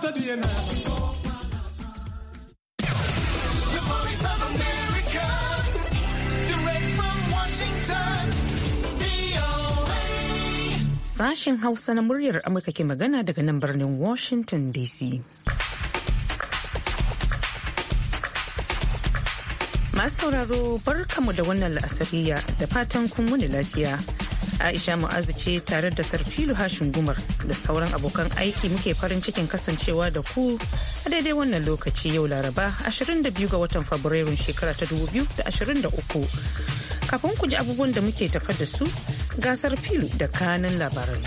tadi Sashen Hausa na muryar Amurka ke magana daga nan birnin Washington DC. Masu sauraro barkamu da wannan la'asariya da fatan kun wuni lafiya. Aisha Mu'azu ce tare da Sarfilu Hashin Gumar da sauran abokan aiki muke farin cikin kasancewa da ku a daidai wannan lokaci yau Laraba 22 ga watan Fabrairun shekara ta 2023. Kafin ku ji abubuwan da muke tafa da su ga Sarfilu da kanan labarai.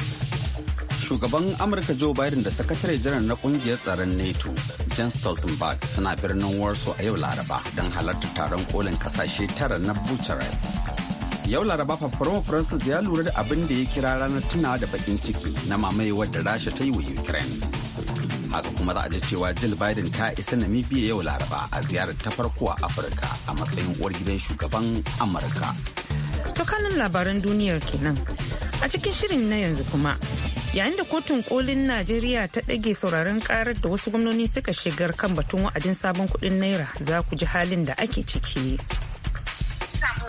Shugaban Amurka Joe Biden da Sakatare Janar na kungiyar tsaron NATO, Jan Stoltenberg suna birnin Warsaw a yau Laraba don halarta taron kolin kasashe tara na Bucharest. yau laraba fafaroma francis ya lura da abin da ya kira ranar tunawa da bakin ciki na mamayewar da rasha ta yi wa ukraine haka kuma za a ji cewa jill biden ta isa namibia yau laraba a ziyarar ta farko a afirka a matsayin uwar gidan shugaban amurka kanin labaran duniyar kenan a cikin shirin na yanzu kuma yayin da kotun kolin najeriya ta ɗage sauraron karar da wasu gwamnoni suka shigar kan batun wa'adin sabon kuɗin naira za ku ji halin da ake ciki.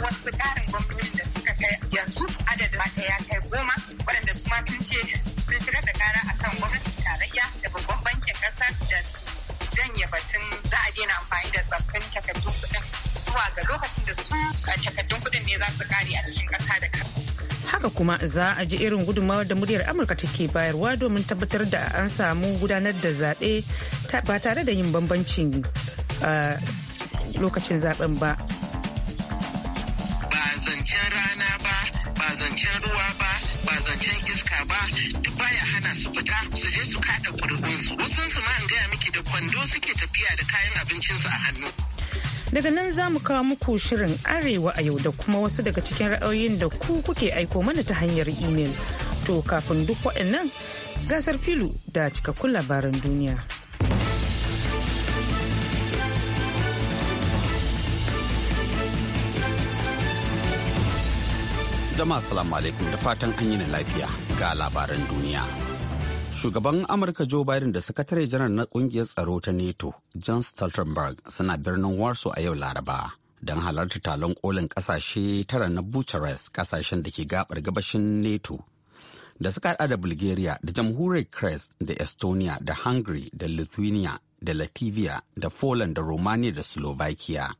wasu ƙarin gwamnoni da suka kai yanzu adadin mata ya kai goma waɗanda su ma sun ce sun shigar da kara a kan gwamnatin tarayya da babban bankin ƙasa da su janye batun za a daina amfani da tsaffin takardun kuɗin zuwa ga lokacin da su takardun kuɗin ne za su kare a cikin ƙasa da ƙasa. haka kuma za a ji irin gudummawar da muryar amurka take bayarwa domin tabbatar da an samu gudanar da zaɓe ba tare da yin bambancin ah, lokacin zaɓen ba zancen rana ba ba zancen ruwa ba ba zancen iska ba duk baya hana su fita su je su kada kurkunsu Wasan su ma an gaya miki da kwando suke tafiya da kayan abincinsu a hannu daga nan za mu kawo muku shirin arewa a yau da kuma wasu daga cikin ra'ayoyin da ku kuke aiko mana ta hanyar imel to kafin duk waɗannan gasar filu da cikakkun labaran duniya. Jama'a salamu alaikum da fatan an yi lafiya ga labaran duniya. Shugaban Amurka Joe Biden da sakatare janar na kungiyar tsaro ta NATO, John Stoltenberg, suna birnin Warsaw a yau Laraba don halarta talon kolin kasashe tara na Bucharest kasashen da ke gabar gabashin NATO. Da suka hada da Bulgaria da jamhuriyar Crest da Estonia da Hungary da Lithuania da Latvia da Poland da Romania da Slovakia.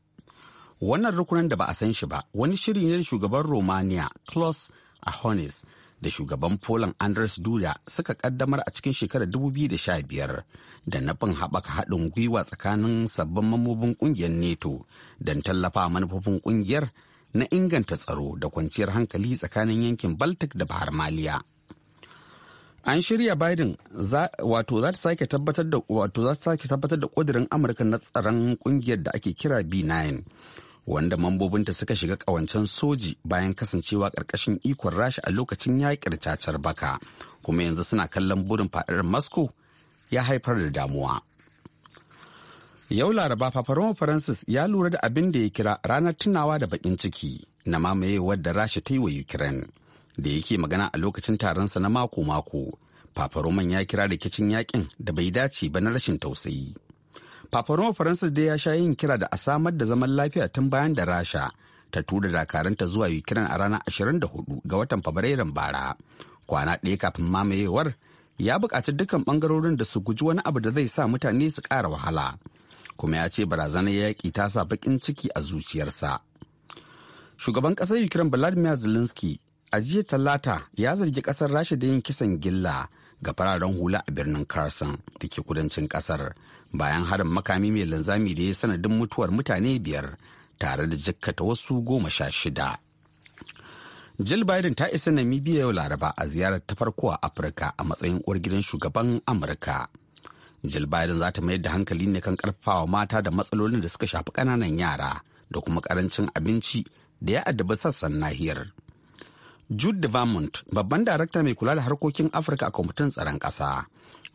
wannan rukunin da ba a san shi ba wani shiri ne da shugaban romania klaus ahonis da shugaban poland andres duda suka kaddamar a cikin shekarar 2015 da nufin haɓaka haɗin gwiwa tsakanin sabbin mamobin ƙungiyar neto don tallafa manufofin ƙungiyar na inganta tsaro da kwanciyar hankali tsakanin yankin baltic da bahar maliya an shirya biden wato za ta sake tabbatar da wato za ta sake tabbatar da kudirin amurka na tsaron kungiyar da ake kira b9 wanda mambobinta suka shiga kawancen soji bayan kasancewa karkashin ikon rasha a lokacin yaƙir cacar baka kuma yanzu suna kallon burin faɗar masko ya haifar da damuwa yau laraba paparoma francis ya lura da abin da ya kira ranar tunawa da bakin ciki na mamayewar da rasha ta yi wa ukraine da yake magana a lokacin taronsa na mako-mako Papa ya kira rikicin yakin da bai dace ba na rashin tausayi. Papa Faransa da ya sha yin kira da a samar da zaman lafiya tun bayan da Rasha ta tura dakaranta zuwa Ukraine a ranar 24 ga watan Fabrairun bara. Kwana ɗaya kafin mamayewar ya buƙaci dukkan ɓangarorin da su guji wani abu da zai sa mutane su ƙara wahala. Kuma ya ce barazanar yaƙi ta sa baƙin ciki a zuciyarsa. Shugaban ƙasar Ukraine Vladimir Zelensky a jiya talata ya zargi kasar rasha da yin kisan gilla ga fararen hula a birnin carson da ke kudancin kasar bayan harin makami mai linzami da ya sanadin mutuwar mutane biyar tare da jikkata wasu goma sha shida jill biden ta isa namibia yau laraba a ziyarar ta farko a afirka a matsayin uwar gidan shugaban amurka jill biden za ta mayar da hankali ne kan karfafawa mata da matsalolin da suka shafi ƙananan yara da kuma ƙarancin abinci da ya addaba sassan nahiyar. Jude Vermont, babban darakta mai kula da harkokin Afirka a kwamitin tsaron ƙasa,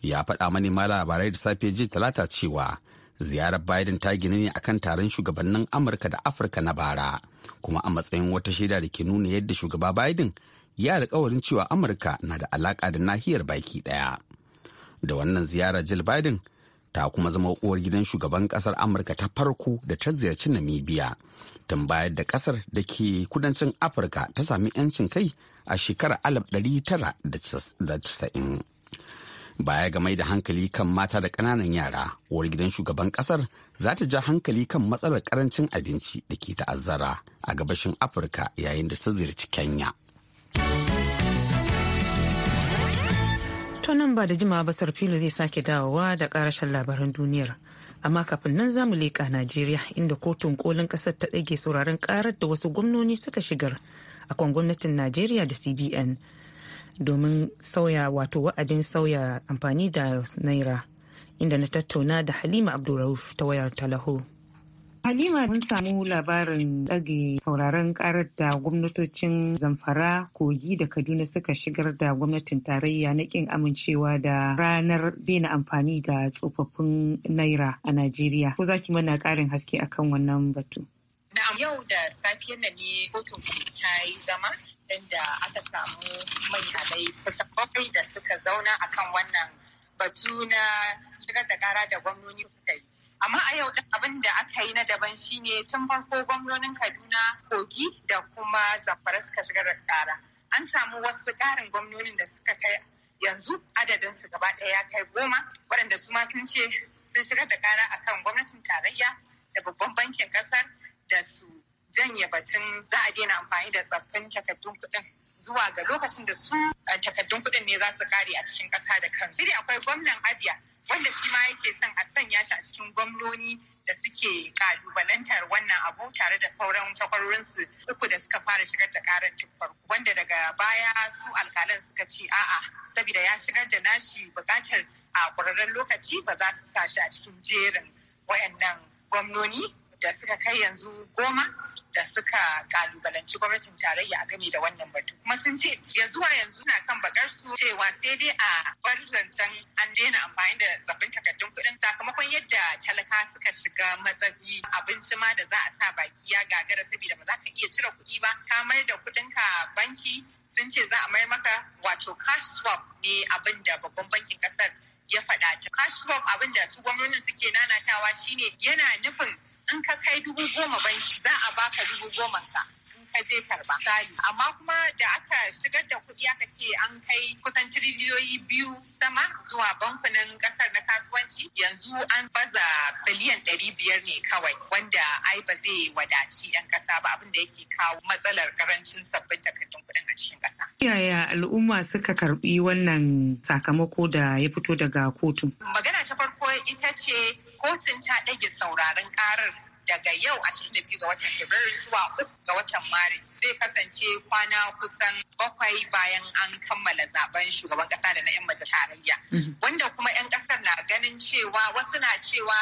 ya faɗa ma labarai da safe jiya talata cewa ziyarar Biden ta gina ne akan taron shugabannin Amurka da Afirka na bara, kuma a matsayin wata shaida da ke nuna yadda shugaba Biden ya alkawarin cewa Amurka na da alaƙa da nahiyar baki ɗaya. Da wannan ziyara Jill Biden ta kuma zama uwar gidan shugaban ƙasar Amurka ta farko da ta ziyarci Namibia. tun bayar da kasar da ke kudancin afirka ta sami 'yancin kai a shekarar 1990 baya ga mai da hankali kan mata da ƙananan yara uwar gidan shugaban ƙasar za ta ja hankali kan matsalar ƙarancin abinci da ke ta'azzara a gabashin afirka yayin da ta ziyarci kenya to nan ba da jimawa basar filo zai sake dawowa da ƙarashin labaran duniyar amma kafin nan zamu leƙa najeriya inda kotun kolin ƙasar ta ɗage sauraron ƙarar da wasu gwamnoni suka shigar a akan gwamnatin najeriya da cbn domin sauya wato wa'adin sauya amfani da naira inda na tattauna da halima abdulrauf ta wayar talahu Halima mun samu labarin ɗage sauraron ƙarar da gwamnatocin Zamfara, Kogi da Kaduna suka shigar da gwamnatin tarayya na ƙin amincewa da ranar daina amfani da tsofaffin naira a Najeriya. Ko za ki mana ƙarin haske akan wannan batu? Na'am yau da safiyar nan ne kotun ta yi zama inda aka samu mai kusa bakwai da suka zauna akan wannan batu na shigar da kara da gwamnoni suka yi. amma a yau abin da aka yi na daban shine tun farko gwamnonin kaduna kogi da kuma zamfara suka shigar da kara an samu wasu ƙarin gwamnonin da suka kai yanzu adadin su gaba ɗaya ya kai goma waɗanda su ma sun ce sun shigar da kara akan gwamnatin tarayya da babban bankin kasar da su janye batun za a daina amfani da tsaffin takardun kuɗin zuwa ga lokacin da su eh, takardun kuɗin ne za su kare a cikin ƙasa da kansu. Shiri akwai gwamnan Abia wanda shi ma yake son a sanya shi a cikin gwamnoni da suke kalubalantar wannan abu tare da sauran takwarorinsu uku da suka fara shigar da karar tun farko wanda daga baya su alkalan suka ce a'a saboda ya shigar da nashi bukatar a ƙwararren lokaci ba za su sa shi a cikin jerin wayannan gwamnoni da suka kai yanzu goma da suka kalubalanci gwamnatin tarayya a game da wannan batu kuma sun ce ya zuwa yanzu na kan bakar su cewa sai dai a bar zancen an daina amfani da sabbin takardun kuɗin sakamakon yadda talaka suka shiga matsatsi abinci ma da za a sa baki ya gagara saboda ba za ka iya cire kuɗi ba ka mai da kuɗinka banki sun ce za a maimaka maka wato cash swap ne abin da babban bankin kasar ya faɗa ta. Cash swap abin da su gwamnonin suke nanatawa shine yana nufin in ka kai dubu goma banki za a baka dubu goma ka in ka je karba misali amma kuma da aka shigar da kuɗi aka ce an kai kusan tiriliyoyi biyu sama zuwa bankunan ƙasar na kasuwanci yanzu an baza biliyan ɗari biyar ne kawai wanda ai ba zai wadaci 'yan ƙasa ba abin da yake kawo matsalar ƙarancin sabbin takardun kuɗin a cikin ƙasa Yaya al'umma suka karbi wannan sakamako da ya fito daga kotun. Magana ta farko ita ce kotun ta ɗage sauraron ƙarar daga yau 22 ga watan Fabrairu zuwa 3 ga watan Maris zai kasance kwana kusan bakwai bayan an kammala zaben shugaban kasa da na 'yan tarayya. Mhm. Wanda kuma 'yan kasar na ganin cewa wasu na cewa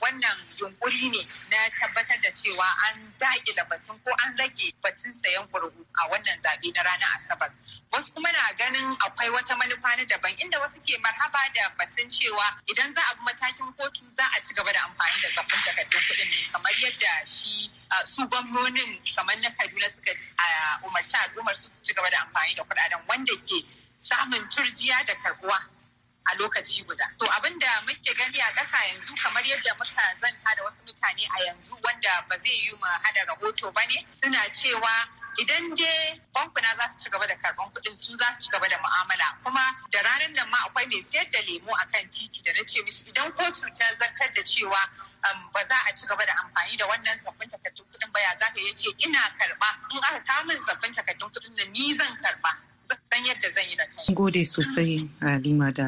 wannan yunkuri ne na tabbatar da cewa an daƙila batun ko an rage batun sayan gurgu a wannan zaɓe na ranar asabar akwai wata manufa na daban inda wasu ke marhaba da batun cewa idan za a bi matakin kotu za a ci gaba da amfani da zafin takardun kuɗin ne kamar yadda shi su gwamnonin kamar na Kaduna suka umarci al'ummar su su ci gaba da amfani da kuɗaɗen wanda ke samun turjiya da karbuwa a lokaci guda. To abin da muke gani a ƙasa yanzu kamar yadda muka zanta da wasu mutane a yanzu wanda ba zai yi mu hada rahoto ba ne suna cewa idan dai bankuna za su ci gaba da karban kuɗin su za su ci gaba da mu'amala kuma da ranar nan ma akwai mai sayar da lemo kan titi da na ce mishi idan kotu ta zartar da cewa um, ba za a ci gaba da amfani da wannan sabbin takardun kuɗin ba ya za ka ce ina karba in aka kawo min sabbin takardun kuɗin nan ni zan karba zan yadda zan yi da kai. Gode sosai Halima da.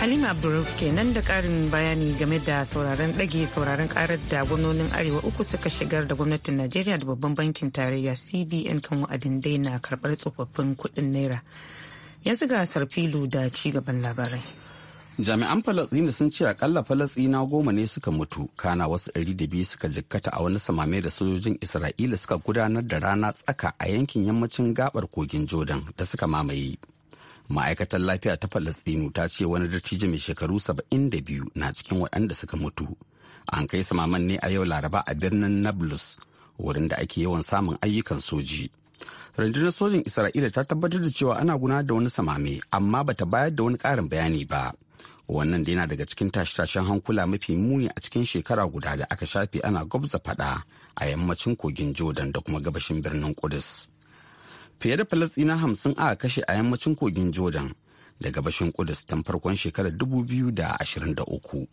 halima abdulruf nan da karin bayani game da sauraron ɗage sauraron karar da gwamnonin arewa uku suka shigar da gwamnatin najeriya da babban bankin tarayya cbn kan wa'adin daina karbar tsofaffin kudin naira yanzu ga sarfilu da ci gaban labarai jami'an falasɗina sun ce akalla falasɗina goma ne suka mutu kana wasu ɗari da biyu suka jikkata a wani samame da sojojin isra'ila suka gudanar da rana tsaka a yankin yammacin gabar kogin jordan da suka mamaye ma'aikatar lafiya ta falastinu ta ce wani dattijo mai shekaru 72 na cikin waɗanda suka mutu an kai samamen ne a yau laraba a birnin nablus wurin da ake yawan samun ayyukan soji rundunar sojin isra'ila ta tabbatar da cewa ana gudanar da wani samame amma ba ta bayar da wani ƙarin bayani ba wannan da yana daga cikin tashe-tashen hankula mafi muni a cikin shekara guda da aka shafe ana gwabza fada a yammacin kogin jordan da kuma gabashin birnin kudus fiye da falastina hamsin aka kashe a yammacin kogin jordan daga bashin kudus tun farkon shekarar dubu biyu da da ashirin uku.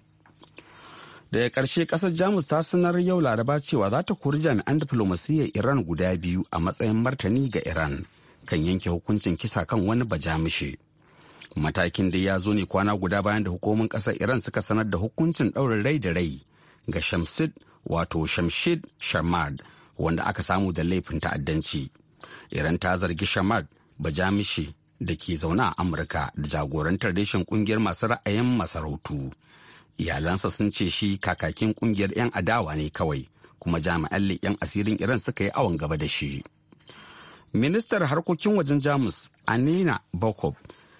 daga ƙarshe ƙasar jamus ta sanar yau laraba cewa za ta kori jami'an diflomasiyyar iran guda biyu a matsayin martani ga iran kan yanke hukuncin kisa kan wani bajamishe matakin da ya zo ne kwana guda bayan da hukumomin ƙasar iran suka sanar da hukuncin ɗaurin rai da rai ga shamsid wato shamshid shamad wanda aka samu da laifin ta'addanci iran ta zargi shamad bajamishi da ke zaune a amurka da jagorantar reshen kungiyar masu ra'ayin masarautu iyalansa sun ce shi kakakin kungiyar 'yan adawa ne kawai kuma jami'an leƙen asirin iran suka yi awon gaba da shi ministar harkokin wajen jamus anina bokob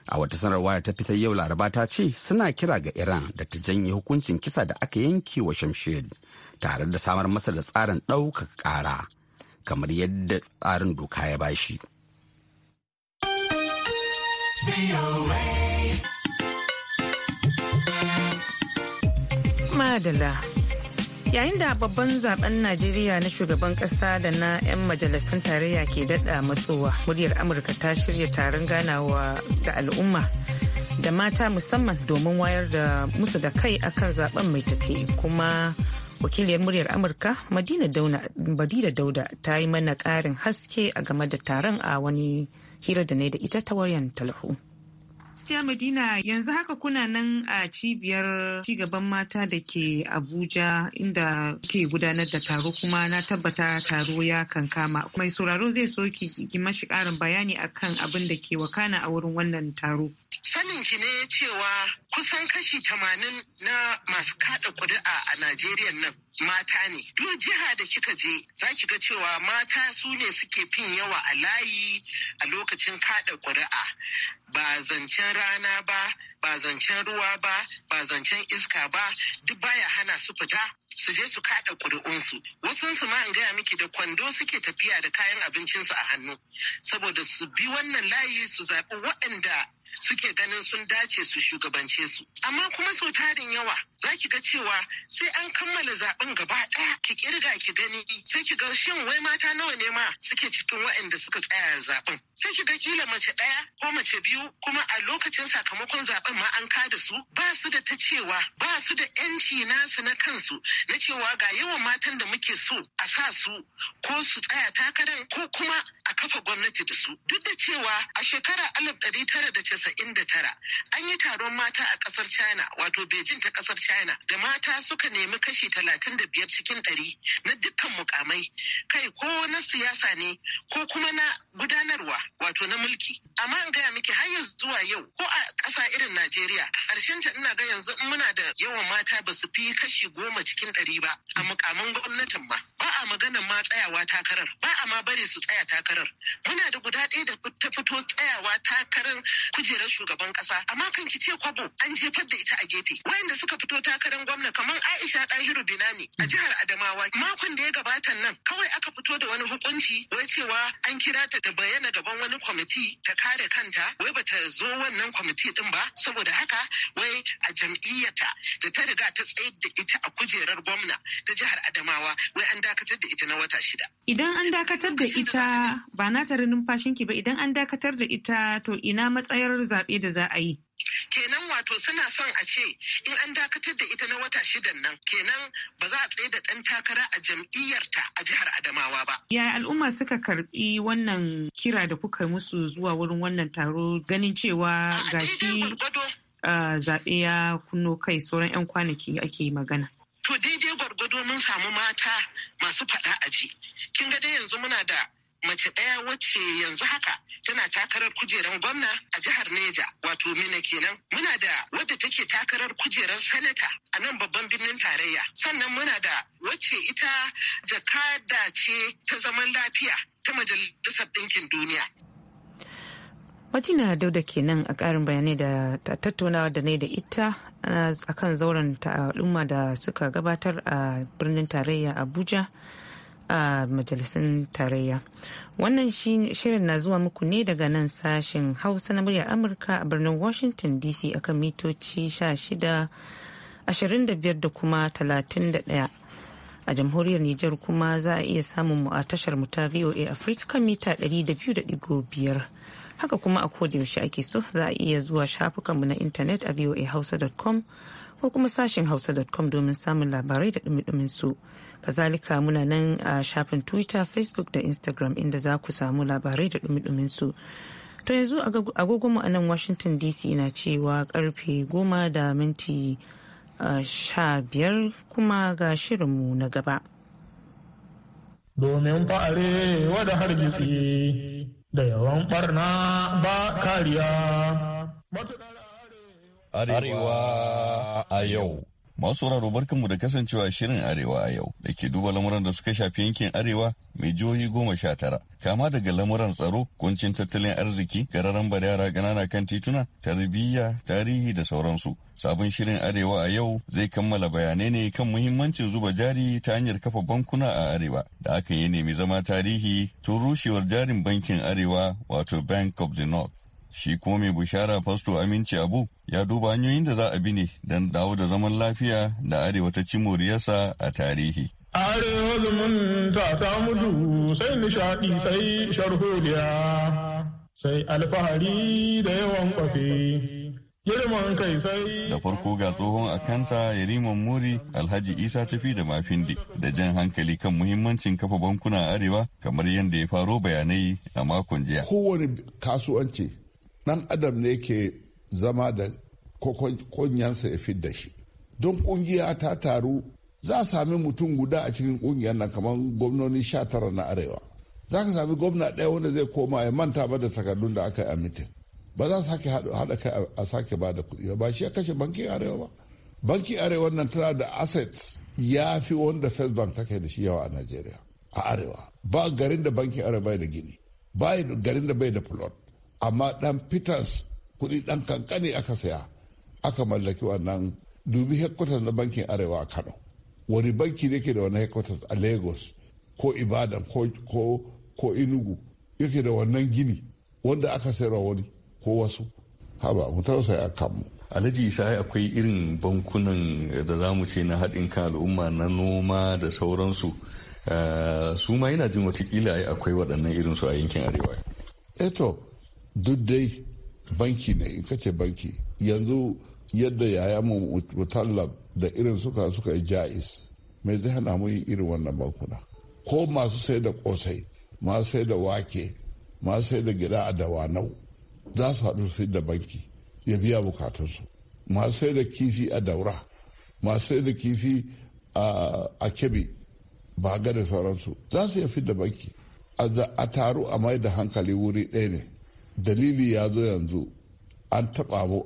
a wata sanarwa da ta fitar yau laraba ta ce suna kira ga iran da ta janye hukuncin kisa da aka yanke wa shamshir tare da samar masa da tsarin ɗaukaka ƙara kamar yadda tsarin doka ya ba shi. Madala Yayin da babban zaben Najeriya na shugaban kasa da na 'yan majalisun tarayya ke dada matsowa, muryar Amurka ta shirya taron ganawa da al'umma da mata musamman domin wayar da musu da kai akan zaben mai tafi kuma wakiliyar muryar amurka madina dauda ta yi mana karin haske a game da taron a wani hira da ne da ita ta wayan talhu gaskiya madina yanzu haka kuna nan a cibiyar cigaban mata da ke abuja inda ke gudanar da taro kuma na tabbata taro ya kankama mai sauraro zai so ki mashi karin bayani akan abin da ke wakana a wurin wannan taro sanin ki ne cewa kusan kashi tamanin na masu kada kuri'a a Najeriya nan mata ne. Duk jiha da kika je za ki ga cewa mata su ne suke fin yawa a layi a lokacin kada kuri'a. Ba zancen rana ba, ba zancen ruwa ba, ba zancen iska ba, duk baya hana su fita su je su kada kuri'unsu wasunsu ma in gaya miki da kwando suke tafiya da kayan abincinsu a hannu saboda su bi wannan layi su zaɓi waɗanda suke ganin sun dace su shugabance su amma kuma sau tarin yawa za ki ga cewa sai an kammala zaben gaba ɗaya ki kirga ki gani sai ki ga shin wai mata nawa ne ma suke cikin waɗanda suka tsaya zaben sai ki ga kila mace ɗaya ko mace biyu kuma a lokacin sakamakon zaben ma an kada su ba su da ta cewa ba su da yanci nasu na kansu na cewa ga yawan matan da muke so a sa su ko su tsaya takarar ko kuma a kafa gwamnati da su duk da cewa a shekara alif ɗari tara da casa'in da tara an yi taron mata a kasar china wato beijing ta kasar china da mata suka nemi kashi talatin da biyar cikin ɗari na dukkan mukamai kai ko na siyasa ne ko kuma na gudanarwa wato na mulki amma in gaya miki har yanzu zuwa yau ko a ƙasa irin najeriya ƙarshen ta ina ga yanzu muna da yawan mata ba su fi kashi goma cikin ɗari ba a mukamin gwamnatin ma ba a maganan ma tsayawa takarar ba a ma bari su tsaya takarar muna da guda ɗaya da ta fito tsayawa takarar kujerar shugaban kasa amma kan ki ce kwabo an jefar da ita a gefe wayanda suka fito takarar gwamna kamar Aisha Dahiru Binani a jihar Adamawa makon da ya gabata nan kawai aka fito da wani hukunci wai cewa an kira ta ta bayyana gaban wani kwamiti ta kare kanta wai bata zo wannan kwamiti din ba saboda haka wai a jam'iyyata da ta riga ta tsayar da ita a kujerar gwamna ta jihar Adamawa wai an dakatar da ita na wata shida idan an dakatar da ita ba na tare numfashinki ba idan an dakatar da ita to ina matsayar babbar zaɓe da za a yi. kenan wato suna son a ce in an dakatar da ita na wata shidan nan kenan ba za a tsaye da ɗan takara a jam'iyyarta a jihar adamawa ba. yaya al'umma suka karbi wannan kira da kuka musu zuwa wurin wannan taro ganin cewa gashi zaɓe ya kunno kai sauran 'yan kwanaki ake magana. to daidai gwargwado mun samu mata masu faɗa aji kin ga dai yanzu muna da mace ɗaya wacce yanzu haka tana takarar kujerar gwamna a jihar Neja wato Mina kenan. Muna da wadda take takarar kujerar sanata a nan babban birnin tarayya. Sannan muna da wacce ita jakada ce ta zaman lafiya ta majalisar ɗinkin duniya. Majina Dauda kenan a ƙarin bayanai da tattaunawa da ne da ita a kan zauren al'umma da suka gabatar a birnin tarayya Abuja a majalisun tarayya wannan shirin na zuwa muku ne daga nan sashen hausa na muryar amurka a birnin washington dc akan mitoci 16 da kuma 31 a jamhuriyar Nijar kuma za a iya samun mu a tashar mu ta VOA Africa kan mita 200.5 haka kuma a yaushe ake so za a iya zuwa shafukanmu na intanet a voahausa.com ko kuma sashen hausa.com domin samun labarai da dumi su. kazalika muna nan a shafin twitter facebook da instagram inda za ku samu labarai da dumi su to yanzu agogonmu a nan washington dc na cewa karfe goma da minti sha biyar kuma ga shirinmu na gaba domin fa'are wada hargitsi da yawan barna ba kariya arewa a yau Masu sauraro barkanmu da kasancewa shirin Arewa a yau da ke duba lamuran da suka shafi yankin Arewa mai jihohi goma sha tara. Kama daga lamuran tsaro, kuncin tattalin arziki, gararan bar yara ƙanana kan tituna, tarbiyya, tarihi da sauransu. Sabon shirin Arewa a yau zai kammala bayanai ne kan muhimmancin zuba jari ta hanyar kafa bankuna a Arewa da hakan ya nemi zama tarihi tun rushewar jarin bankin Arewa wato Bank of the North. Shi kuma mai bushara fasto aminci abu ya duba hanyoyin da za a bi ne don dawo da zaman lafiya da arewa ta ci moriyarsa a tarihi. Arewa zumunta ta mutu sai nishaɗi sai sharholiya sai alfahari da yawan kwafe. girman kai sai da farko ga tsohon akanta yariman muri alhaji isa tafi da mafindi da jan hankali kan muhimmancin kafa bankuna arewa kamar yadda ya faro bayanai a makon jiya kowane kasuwanci ɗan adam ne ke zama da kunyansa ya fidda shi don ƙungiya ta taru za a sami mutum guda a cikin ƙungiyar nan kamar gwamnoni sha tara na arewa za ka sami gwamna ɗaya wanda zai koma ya manta ba da takardun da aka yi a mitin ba za sake haɗa kai a sake ba da kuɗi ba shi ya kashe bankin arewa ba bankin arewa nan tana da asset ya fi wanda first bank take da shi yawa a najeriya a arewa ba garin da bankin arewa bai da gini ba garin da bai da plot amma dan peters kuɗi dan kankani aka saya aka mallaki wannan dubi headquarters na bankin arewa a kano wani banki ne ke da wani headquarters a lagos ko ibadan ko inugu yake da wannan gini wanda aka sayarwa wani ko wasu haba mu tausaya kanmu alhaji isa akwai irin bankunan da za mu ce na haɗin kan al'umma na noma da sauransu ah, su ma yana jin watakila akwai waɗannan irin su a yankin arewa eto eh duk dai banki ne in kace banki yanzu yadda yaya mu mutallab da irin suka suka yi ja'is mai zai hana mu irin wannan bankuna ko masu sai da kosai masu sai da wake masu sai da gida a dawanau za su haɗu sai da banki ya biya bukatunsu masu sai da kifi a daura masu sai da kifi a kebe ba ga da sauransu za su yafi da banki a taru a mai da hankali wuri ɗaya ne dalili ya zo yanzu an taɓa mu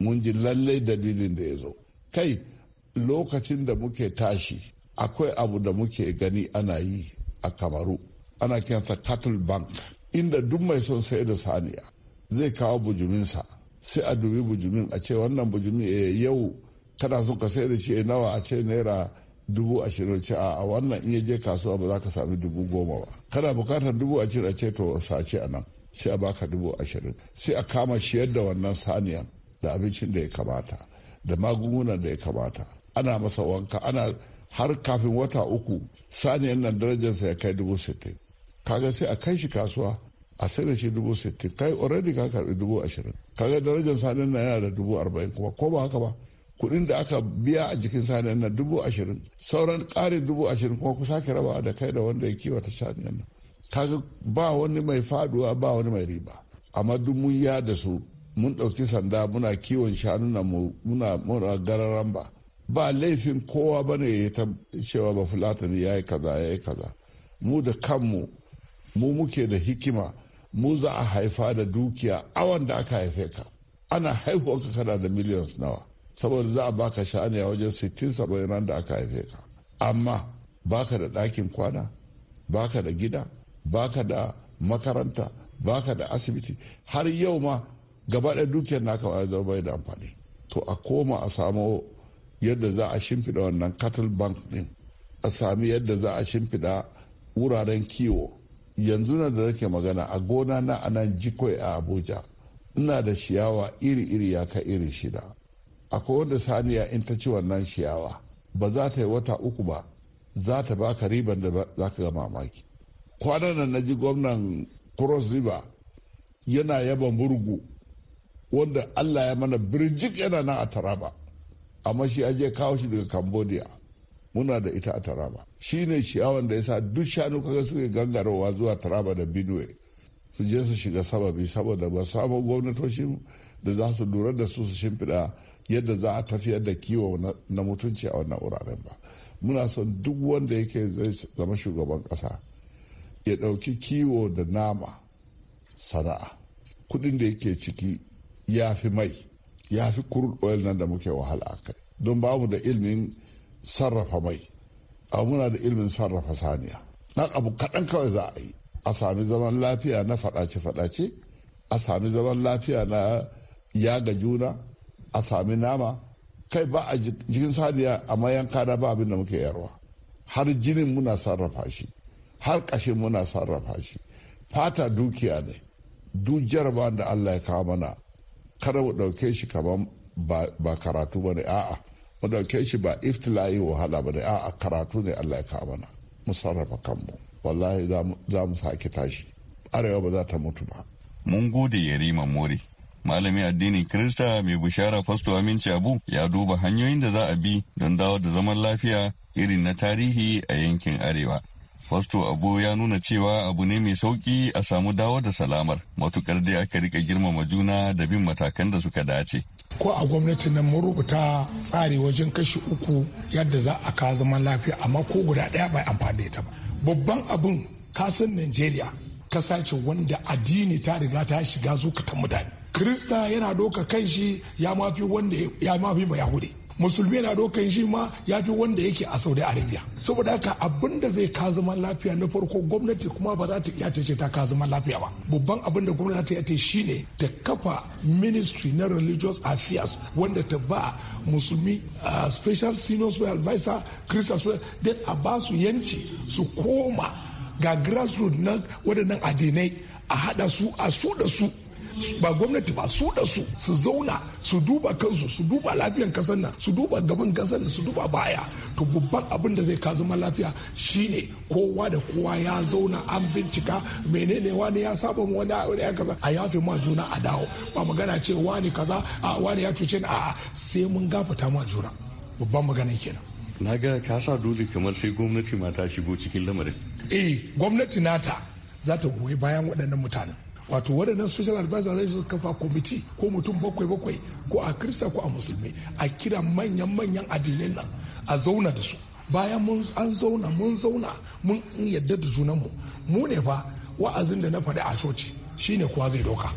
mun ji lallai dalilin da ya zo kai lokacin da muke tashi akwai abu da muke gani ana yi a kamaru ana kiransa cattle bank inda duk mai son sai da saniya zai kawo bujuminsa sai a dubi bujumin a ce wannan bujumin e eh, yau kana son ka sai da shi eh, nawa a ce naira dubu ashirin ce a wannan iya je kasuwa ba za ka sami dubu goma ba kana bukatar dubu ashirin a ce to sace a nan sai a baka dubu ashirin sai a kama ciyar da wannan saniyan da abincin da ya kamata da magungunan da ya kamata ana masa wanka ana har kafin wata uku saniyan nan darajarsa ya kai dubu sittin kaga sai a kai shi kasuwa a sai da shi dubu sittin kai already ka karbi dubu ashirin kaga darajar saniyan nan yana da dubu arba'in kuma ko ba haka ba kuɗin da aka biya a jikin saniyan nan dubu ashirin sauran ƙarin dubu ashirin kuma ku sake rabawa da kai da wanda ya kiwata saniyan nan kaga ba wani mai faduwa ba wani mai riba amma duk mun ya da su mun ɗauki sanda muna kiwon shanuna muna mura gararan ba ba laifin kowa ba ne ya ta cewa ba fulatani ya yi kaza ya yi kaza mu da kanmu mu muke da hikima mu za a haifa da dukiya awan da aka haife ka ana haihuwa ka kana da miliyan nawa saboda za a baka sha'ani a wajen 60 ran da aka haife ka amma baka da ɗakin kwana baka da gida baka da makaranta baka da asibiti har yau ma gaba da dukiyar naka ba zama bai da amfani to a koma a samo yadda za a shimfiɗa wannan cattle bank din a sami yadda za a shimfiɗa wuraren kiwo yanzu na da nake magana a gona na a nan jikoi a abuja ina da shiyawa iri-iri ya ka iri shida akwai wanda saniya in ta ci wannan shiyawa ba za ta yi wata uku ba za ta baka riban da za ka ga mamaki kwanan na ji gwamnan cross river yana yaba murgu wanda allah ya mana birjik yana nan a taraba amma shi aje kawo shi daga cambodia muna da ita a taraba shi ne ciyawan da ya sa duk shanu kaga suke gangarowa zuwa taraba da benue su je su shiga sababi saboda ba samun gwamnatoshin da za su lura da su su shimfiɗa yadda za a tafiyar da kiwo na mutunci a wannan wuraren ba muna son duk wanda yake zai zama shugaban ƙasa ya ɗauki kiwo da nama sana'a kuɗin da yake ciki ya fi mai ya fi crude oil nan da muke wahala a kai don ba mu da ilmin sarrafa mai a muna da ilmin sarrafa saniya na abu kaɗan kawai za a yi a sami zaman lafiya na faɗace-faɗace a sami zaman lafiya na yaga juna a sami nama kai ba a jikin saniya a mayan kada ba abin da muke yarwa har jinin muna sarrafa shi har ƙashe muna sarrafa shi fata dukiya ne duk jaraba da allah ya kawo mana kada mu ɗauke shi kamar ba karatu ba ne a'a mu ɗauke shi ba iftila'i wahala ba ne a'a karatu ne allah ya kawo mana mu sarrafa kanmu wallahi za mu sake tashi arewa ba za ta mutu ba mun gode yarima mori malami addinin Kirista mai bishara Fasto Aminci Abu ya duba hanyoyin da za a bi don dawo da zaman lafiya irin na tarihi a yankin Arewa. Fasto abu ya nuna cewa abu ne mai sauki a samu dawo da salamar matukar dai aka rika girmama juna da bin matakan da suka dace. Ko a gwamnati nan mun rubuta tsari wajen kashi uku yadda za a ka zaman lafiya amma ko guda ɗaya bai amfani da ita ba. Babban abin ka san Najeriya ka sace wanda addini ta riga ta shiga zukatan mutane. Kirista yana doka kanshi ya mafi wanda ya mafi ba Yahudi. musulmi na dokan shi ma ya fi wanda yake a saudi arabia saboda haka abin da zai ka zaman lafiya na farko gwamnati kuma ba za ta iya ta ce ta ka zaman lafiya ba babban abin da gwamnati ta ta ne ta kafa ministry na religious affairs wanda ta ba musulmi uh, special senior advisor christian dan a ba su yanci su koma ga grassroots na waɗannan addinai a haɗa su a su da su ba gwamnati ba su da su su zauna su duba kansu su duba lafiyan kasar nan su duba gaban kasar su duba baya to babban abin da zai ka zama lafiya shine kowa da kowa ya zauna an bincika menene wani ya saba mu wani ya kaza a yafe ma juna a dawo ba magana ce wani kaza a wani ya cuce ni a'a sai mun gafata ma juna babban magana kenan na ga ka sa dole kamar sai gwamnati ma ta shigo cikin lamarin eh gwamnati nata za ta goyi bayan waɗannan mutanen wato waɗannan special advisor zai su kafa kwamiti ko mutum bakwai bakwai ko a kirista ko a musulmi a kira manyan manyan addinai nan a zauna da su bayan mun an zauna mun zauna mun yadda da junanmu mu mu ne fa wa'azin da na faɗi a coci shine kuwa zai doka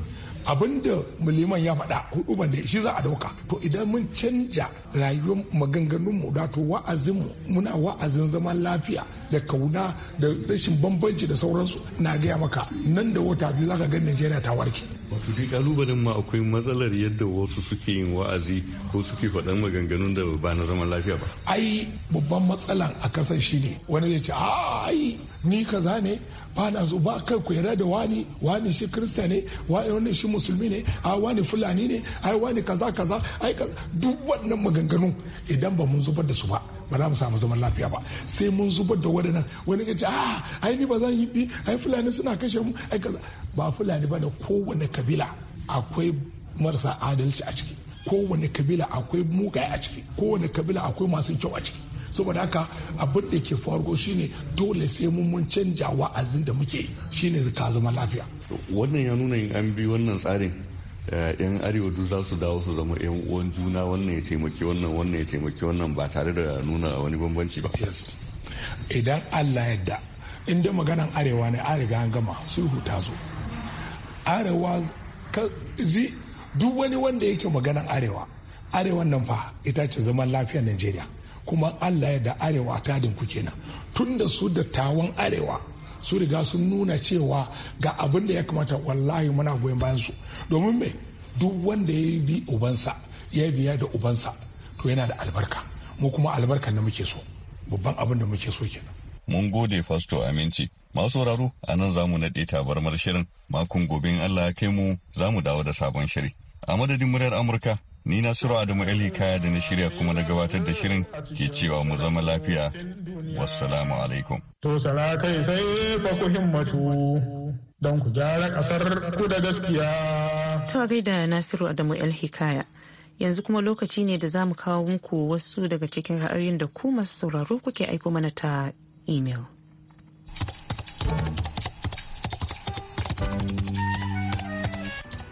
abinda muliman ya faɗa hudu ban shi za a dauka to idan mun canja rayuwar maganganunmu da to wa'azinmu muna wa'azin zaman lafiya da kauna da rashin bambanci da sauransu na gaya maka nan da wata biyu zaka ga najeriya ta warke wato bi kalubalen ma akwai matsalar yadda wasu suke yin wa'azi ko suke faɗan maganganun da ba na zaman lafiya ba ai babban matsalan a kasan shine wani zai ce ai ni kaza ne ba na so ba kai ku yarda da wani wani shi krista ne wani shi musulmi ne a wani fulani ne ai wani kaza kaza ai duk wannan maganganun maganganu idan ba mun zubar da su ba ba za mu samu zaman lafiya ba sai mun zubar da waɗannan wani ka ce a ah, ai ni ba zan yi bi ai fulani suna kashe mu ai kaza ba fulani ba da kowane kabila akwai marasa adalci a ciki kowane kabila akwai mugaye a ciki kowane kabila akwai masu kyau a ciki saboda haka abin da ke faruwa shine dole sai mun mun canja wa'azin da muke shine ka zama lafiya wannan ya nuna in an bi wannan tsarin yan eh, arewa duk za su dawo su zama yan uwan juna wannan ya taimaki wannan wannan ya taimaki wannan ba tare da nuna wani bambanci ba idan allah yadda inda maganan arewa ne an riga an gama sulhu ta zo arewa ka duk wani wanda yake maganan arewa arewan nan fa ita ce zaman lafiyar najeriya kuma allah ya da arewa ta dinku kenan tun da su da tawon arewa su riga sun nuna cewa ga abin da ya kamata wallahi muna goyon bayan su domin me duk wanda ya bi ubansa ya biya da ubansa to yana da albarka mu kuma albarkan da muke so babban abin da muke so kenan mun gode fasto aminci masu sauraro a nan za mu naɗe tabarmar shirin makon gobe in allah ya kai mu za mu dawo da sabon shiri a madadin muryar amurka Ni Nasiru Adamu Ali Kaya da na shirya kuma na gabatar da shirin ke cewa mu zama lafiya. Wassalamu alaikum. To sai fa ku himmatu don ku gyara kasar ku da gaskiya. To gaida Nasiru Adamu El Hikaya. Yanzu kuma lokaci ne da za mu kawo muku wasu daga cikin ra'ayoyin da ku masu sauraro kuke aiko mana ta email.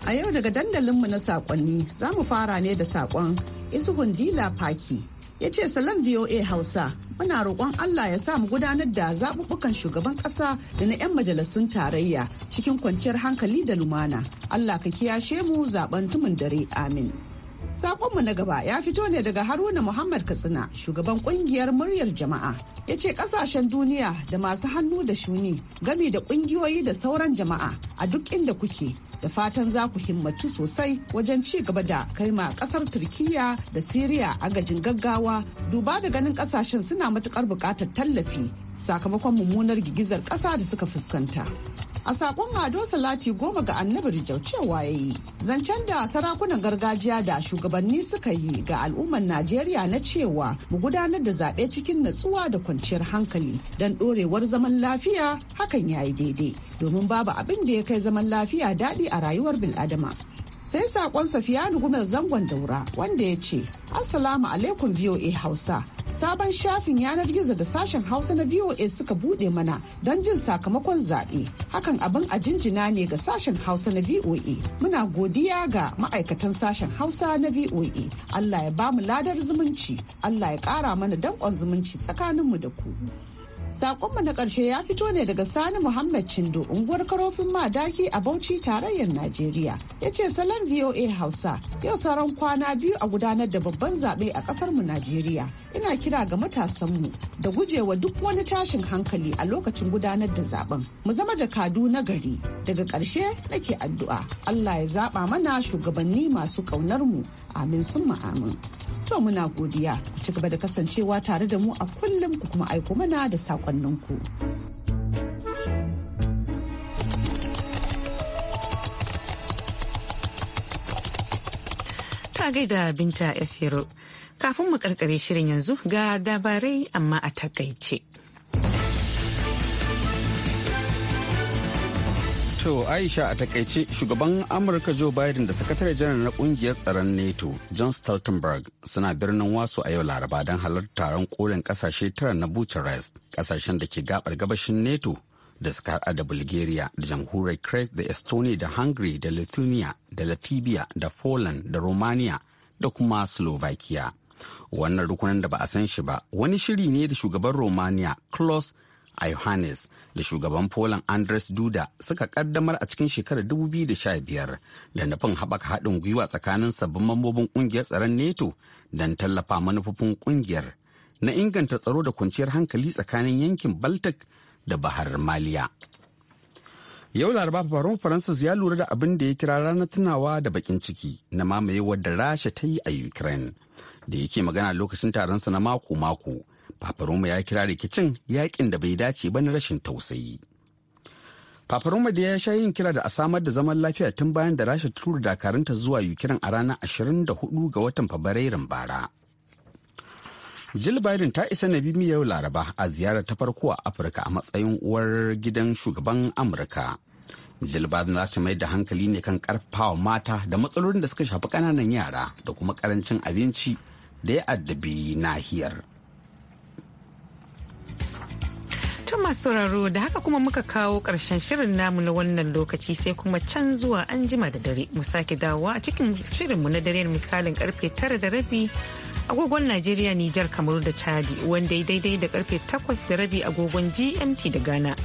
A yau daga dandalinmu na sakonni za mu fara ne da sakon Isuhun Dila paki Ya ce salam VOA Hausa muna roƙon Allah ya sa mu gudanar da zaɓuɓɓukan shugaban ƙasa da na 'yan majalisun tarayya cikin kwanciyar hankali da lumana. Allah ka kiyashe mu zaɓen tumin dare amin. Sakonmu na gaba ya fito ne daga Haruna Muhammad Katsina, shugaban kungiyar muryar jama'a. Ya ce kasashen duniya da masu hannu da shuni gami da kungiyoyi da sauran jama'a a duk inda kuke. Da fatan za ku himmatu sosai wajen ci gaba da kai ma kasar Turkiyya da Siriya agajin gaggawa duba da ganin kasashen suna matukar buƙatar tallafi sakamakon mummunar gigizar kasa da suka fuskanta. A saƙon Ado Salati goma ga annabi Rijau cewa ya yi, zancen da sarakunan gargajiya da shugabanni suka yi ga al'ummar Najeriya na cewa mu gudanar da zaɓe cikin natsuwa da kwanciyar hankali don ɗorewar zaman lafiya hakan ya yi daidai, domin babu abin da ya kai zaman lafiya daɗi a rayuwar bil'adama. sai sakon safiyanu gumel zangon daura wanda ya ce assalamu alaikum voa hausa sabon shafin yanar gizo da sashen hausa na voa suka bude mana don jin sakamakon zaɓe hakan abin a jinjina ne ga sashen hausa na voa muna godiya ga ma'aikatan sashen hausa na voa allah ya bamu ladar zumunci allah ya ƙara mana danƙon zumunci tsakaninmu da ku Sakonmu na ƙarshe ya fito ne daga Sani Muhammad Chindo unguwar karofin madaki a Bauchi tarayyar Najeriya. Ya ce salon VOA Hausa yau sauran kwana biyu a gudanar da babban zaɓe a ƙasarmu Najeriya. Ina kira ga matasanmu da gujewa duk wani tashin hankali a lokacin gudanar da zaɓen Mu zama jakadu na gari. Daga ƙarshe nake addu'a. Allah ya zaɓa mana shugabanni masu ƙaunar mu. Amin sun amin. To muna godiya ci gaba da kasancewa tare da mu a kullum ku kuma aiko mana da sakonninku. Ta gaida Binta Esiro. Kafin mu karkare shirin yanzu ga dabarai amma a takaice. To Aisha a takaice shugaban Amurka Joe Biden da sakatare janar na kungiyar tsaron NATO John Stoltenberg suna birnin wasu a yau Laraba don halartar taron kolin kasashe tara na Bucharest kasashen da ke gabar gabashin NATO da suka hada da Bulgaria da jamhuriyar Crest da Estonia da Hungary da Lithuania da Latvia da Poland da Romania da kuma Slovakia. Wannan rukunin da ba a san shi ba wani shiri ne da shugaban Romania Klaus a Yohannes da shugaban Poland Andres Duda suka kaddamar a cikin shekarar 2015 da nufin haɓaka haɗin gwiwa tsakanin sabbin mambobin ƙungiyar tsaron NATO don tallafa manufofin ƙungiyar na inganta tsaro da kwanciyar hankali tsakanin yankin Baltic da Bahar Maliya. Yau Laraba faruwar Faransa ya lura da abin da ya kira ranar tunawa da bakin ciki na mamaye wadda Rasha ta yi a Ukraine da yake magana lokacin taron sa na mako-mako. Paparoma ya kira rikicin yakin da bai dace ba na rashin tausayi. Paparoma da ya sha yin kira da a samar da zaman lafiya tun bayan da Rasha tura dakarunta zuwa Ukraine a ranar 24 ga watan Fabrairun bara. Jill Biden ta isa na yau Laraba a ziyarar ta farko a Afirka a matsayin uwar gidan shugaban Amurka. Jill Biden za ta mai da hankali ne kan karfawa mata da matsalolin da suka shafi ƙananan yara da kuma ƙarancin abinci da ya addabi nahiyar. To masu sauraro da haka kuma muka kawo karshen shirin namu na wannan lokaci sai kuma can zuwa an jima da dare mu sake dawowa a cikin shirinmu na dare misalin karfe tara da rabi agogon Najeriya Nijar Kamaru da Chadi wanda daidai da karfe takwas da rabi agogon GMT da Ghana.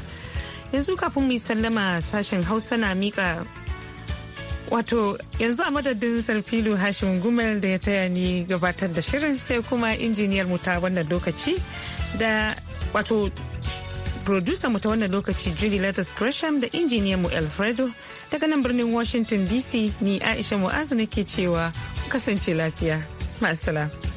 Yanzu kafin mu yi sallama sashen Hausa na mika wato yanzu a madadin sarfilu hashim gumel da ya taya ni gabatar da shirin sai kuma injiniyar mu ta wannan lokaci da wato mu ta wannan lokaci Judy Letters Gresham da mu Alfredo daga nan birnin Washington DC ni Aisha Mu'azu nake cewa kasance lafiya. Ma'asala.